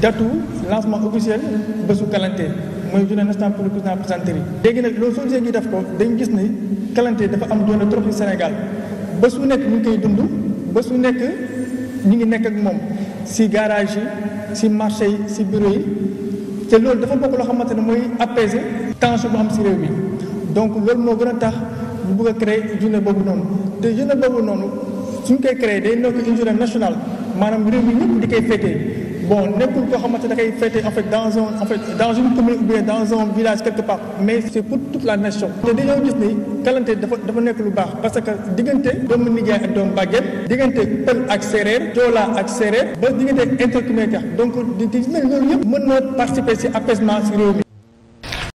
datu lancement officiel bésu Kalante mooy journée nationale pour le cousin plaisanterie léegi nag loolu soo gisee ñu def ko dañ gis ni Kalante dafa am doole trop ci Sénégal bés bu nekk ñu ngi koy dund bés nekk ñu ngi nekk ak moom ci garage yi ci marché yi ci bureau yi te loolu dafa bokk loo xamante ne mooy apaiser tension bu am ci réew mi donc loolu moo gën a tax ñu bëgg a créer journée boobu noonu te journée boobu noonu suñ koy créer day nekk une national maanaam réew di koy féetee bon nekkul koo xamante da koy fêter en fait dans un en fait dans une commune ou bien dans un village quelque part mais c'est pour toute la nation te dañoo gis ni kalante dafa dafa nekk lu baax parce que diggante doomu nijaay ak doomu bàgget diggante pël ak séeréer joolaa ak séeréer ba diggante intercommunautaire donc di gis ne loolu yëpp mën na participer ci apaisement ci réew mi